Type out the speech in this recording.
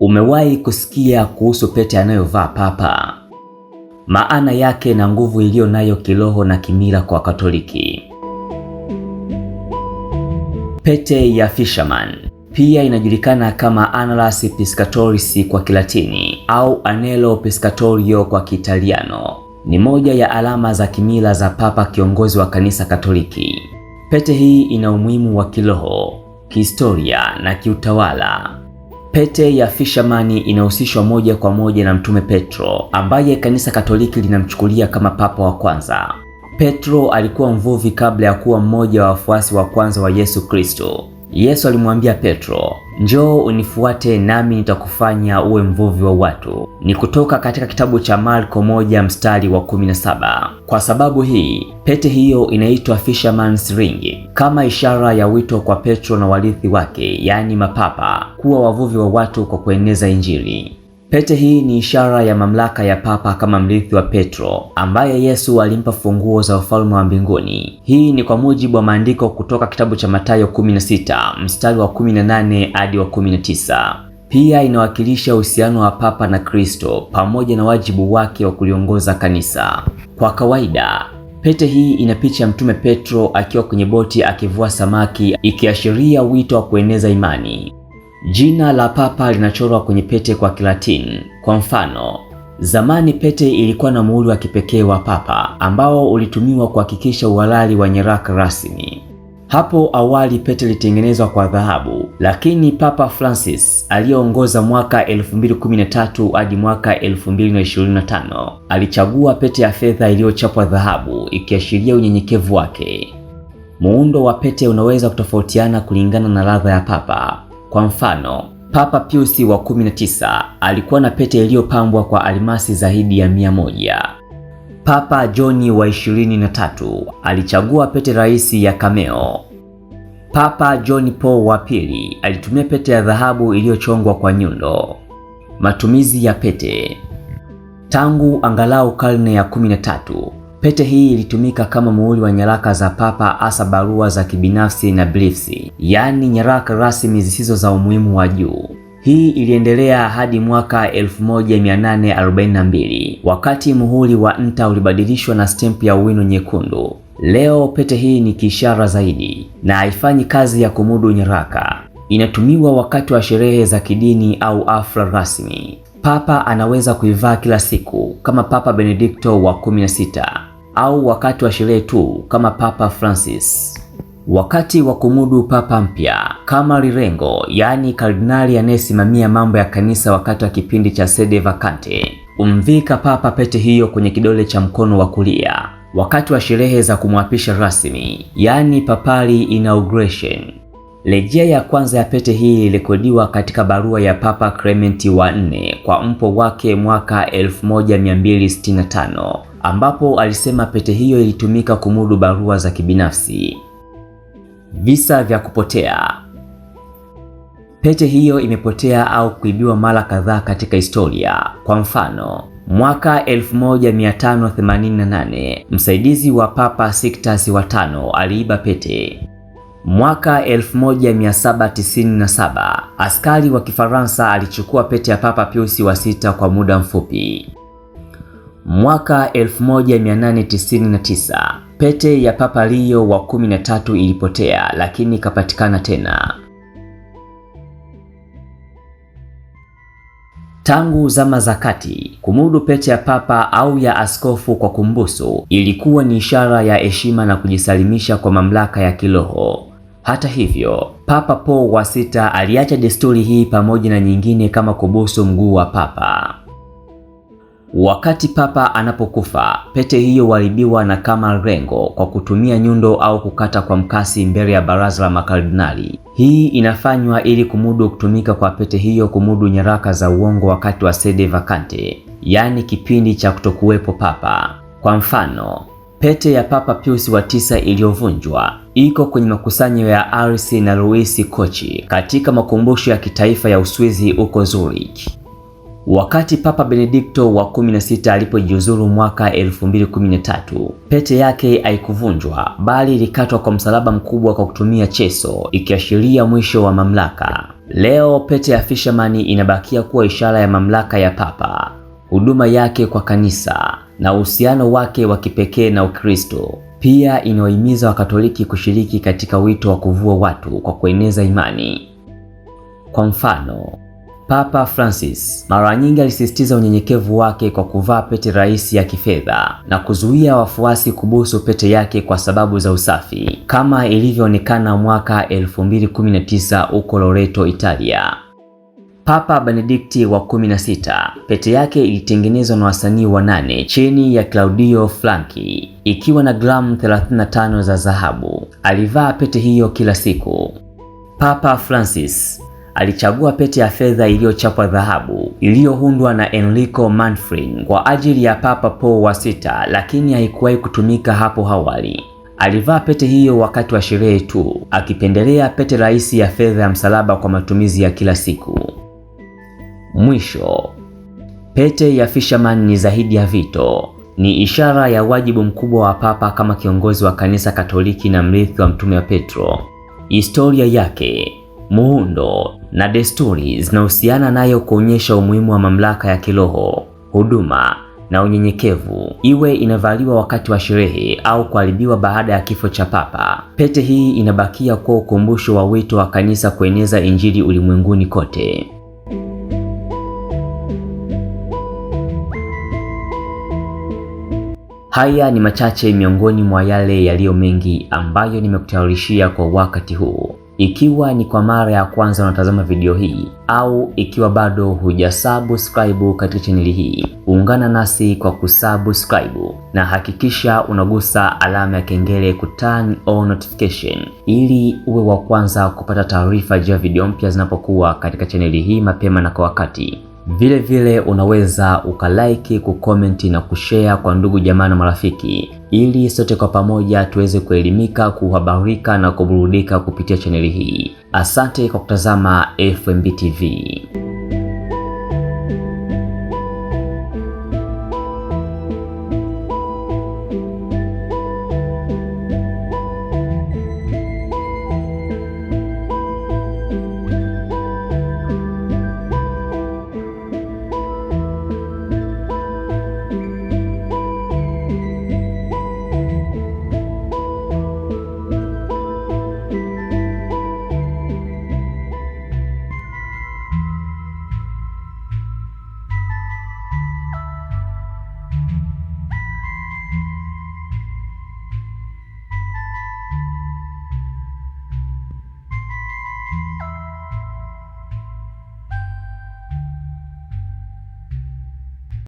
Umewahi kusikia kuhusu pete anayovaa Papa, maana yake na nguvu iliyo nayo kiroho na kimila kwa Katoliki. Pete ya Fisherman pia inajulikana kama analas Piscatoris kwa Kilatini au Anello Piscatorio kwa Kiitaliano, ni moja ya alama za kimila za Papa, kiongozi wa Kanisa Katoliki. Pete hii ina umuhimu wa kiroho, kihistoria na kiutawala Pete ya fishamani inahusishwa moja kwa moja na Mtume Petro ambaye kanisa Katoliki linamchukulia kama papa wa kwanza. Petro alikuwa mvuvi kabla ya kuwa mmoja wa wafuasi wa kwanza wa Yesu Kristo. Yesu alimwambia Petro, Njoo unifuate nami nitakufanya uwe mvuvi wa watu, ni kutoka katika kitabu cha Marko moja mstari wa 17. Kwa sababu hii pete hiyo inaitwa Fisherman's Ring kama ishara ya wito kwa Petro na warithi wake, yaani mapapa, kuwa wavuvi wa watu kwa kueneza Injili. Pete hii ni ishara ya mamlaka ya papa kama mrithi wa Petro ambaye Yesu alimpa funguo za ufalme wa mbinguni. Hii ni kwa mujibu wa maandiko kutoka kitabu cha Mathayo 16 mstari wa 18 hadi wa 19. Pia inawakilisha uhusiano wa papa na Kristo pamoja na wajibu wake wa kuliongoza kanisa. Kwa kawaida, pete hii ina picha ya Mtume Petro akiwa kwenye boti akivua samaki ikiashiria wito wa kueneza imani. Jina la papa linachorwa kwenye pete kwa Kilatini. Kwa mfano, zamani pete ilikuwa na muhuri wa kipekee wa papa ambao ulitumiwa kuhakikisha uhalali wa nyaraka rasmi. Hapo awali pete ilitengenezwa kwa dhahabu, lakini Papa Francis aliyeongoza mwaka 2013 hadi mwaka 2025 alichagua pete ya fedha iliyochapwa dhahabu, ikiashiria unyenyekevu wake. Muundo wa pete unaweza kutofautiana kulingana na ladha ya papa. Kwa mfano, Papa Pius wa 19 alikuwa na pete iliyopambwa kwa almasi zaidi ya mia moja. Papa Johni wa 23 alichagua pete rahisi ya kameo. Papa John Paul wa pili alitumia pete ya dhahabu iliyochongwa kwa nyundo. Matumizi ya pete. Tangu angalau karne ya 13, Pete hii ilitumika kama muhuri wa nyaraka za Papa, hasa barua za kibinafsi na briefs, yaani nyaraka rasmi zisizo za umuhimu wa juu. Hii iliendelea hadi mwaka 1842 wakati muhuri wa nta ulibadilishwa na stamp ya wino nyekundu. Leo pete hii ni kiishara zaidi na haifanyi kazi ya kumudu nyaraka. Inatumiwa wakati wa sherehe za kidini au afla rasmi. Papa anaweza kuivaa kila siku kama Papa Benedikto wa 16 au wakati wa sherehe tu kama Papa Francis. Wakati wa kumudu papa mpya kama Lirengo, yaani kardinali anayesimamia mambo ya kanisa wakati wa kipindi cha sede vacante, umvika papa pete hiyo kwenye kidole cha mkono wa kulia wakati wa sherehe za kumwapisha rasmi, yaani papali inauguration. Rejea ya kwanza ya pete hii ilikodiwa katika barua ya Papa Clement wa nne kwa mpo wake mwaka 1265 ambapo alisema pete hiyo ilitumika kumudu barua za kibinafsi. Visa vya kupotea. Pete hiyo imepotea au kuibiwa mara kadhaa katika historia. Kwa mfano, mwaka 1588 msaidizi wa Papa Sixtus wa tano aliiba pete. Mwaka 1797 askari wa Kifaransa alichukua pete ya Papa Piusi wa sita kwa muda mfupi. Mwaka 1899 pete ya Papa Leo wa 13 ilipotea, lakini ikapatikana tena. Tangu zama za kati, kumudu pete ya papa au ya askofu kwa kumbusu ilikuwa ni ishara ya heshima na kujisalimisha kwa mamlaka ya kiroho. Hata hivyo, Papa Paul wa sita aliacha desturi hii pamoja na nyingine kama kubusu mguu wa papa. Wakati papa anapokufa, pete hiyo walibiwa na kama rengo kwa kutumia nyundo au kukata kwa mkasi mbele ya baraza la makardinali. Hii inafanywa ili kumudu kutumika kwa pete hiyo kumudu nyaraka za uongo wakati wa sede vacante, yaani kipindi cha kutokuwepo papa. Kwa mfano, pete ya Papa Pius wa tisa iliyovunjwa iko kwenye makusanyo ya Arsi na Luisi Kochi katika makumbusho ya kitaifa ya Uswizi huko Zurich. Wakati Papa Benedikto wa 16 alipojiuzuru mwaka 2013, pete yake haikuvunjwa bali ilikatwa kwa msalaba mkubwa kwa kutumia cheso, ikiashiria mwisho wa mamlaka. Leo pete ya Fisherman inabakia kuwa ishara ya mamlaka ya Papa, huduma yake kwa kanisa na uhusiano wake wa kipekee na Ukristo. Pia inawahimiza Wakatoliki kushiriki katika wito wa kuvua watu kwa kueneza imani. Kwa mfano, Papa Francis mara nyingi alisisitiza unyenyekevu wake kwa kuvaa pete rahisi ya kifedha na kuzuia wafuasi kubusu pete yake kwa sababu za usafi, kama ilivyoonekana mwaka 2019 huko Loreto, Italia. Papa Benedikti wa 16 pete yake ilitengenezwa na wasanii wanane chini ya Claudio Franchi ikiwa na gramu 35 za dhahabu. Alivaa pete hiyo kila siku. Papa Francis alichagua pete ya fedha iliyochapwa dhahabu iliyoundwa na Enrico Manfrini kwa ajili ya Papa Paul wa sita, lakini haikuwahi kutumika hapo awali. Alivaa pete hiyo wakati wa sherehe tu, akipendelea pete rahisi ya fedha ya msalaba kwa matumizi ya kila siku. Mwisho, pete ya Fisherman ni zaidi ya vito, ni ishara ya wajibu mkubwa wa Papa kama kiongozi wa Kanisa Katoliki na mrithi wa mtume wa Petro. Historia yake Muundo na desturi zinahusiana nayo kuonyesha umuhimu wa mamlaka ya kiroho, huduma na unyenyekevu, iwe inavaliwa wakati wa sherehe au kuharibiwa baada ya kifo cha Papa. Pete hii inabakia kuwa ukumbusho wa wito wa Kanisa kueneza Injili ulimwenguni kote. Haya ni machache miongoni mwa yale yaliyo mengi ambayo nimekutayarishia kwa wakati huu. Ikiwa ni kwa mara ya kwanza unatazama video hii au ikiwa bado hujasubscribe katika chaneli hii, ungana nasi kwa kusubscribe na hakikisha unagusa alama ya kengele ku turn on notification ili uwe wa kwanza kupata taarifa juu ya video mpya zinapokuwa katika chaneli hii mapema na kwa wakati. Vile vile unaweza ukalaiki, kukomenti na kushare kwa ndugu jamaa na marafiki, ili sote kwa pamoja tuweze kuelimika, kuhabarika na kuburudika kupitia chaneli hii. Asante kwa kutazama FMB TV.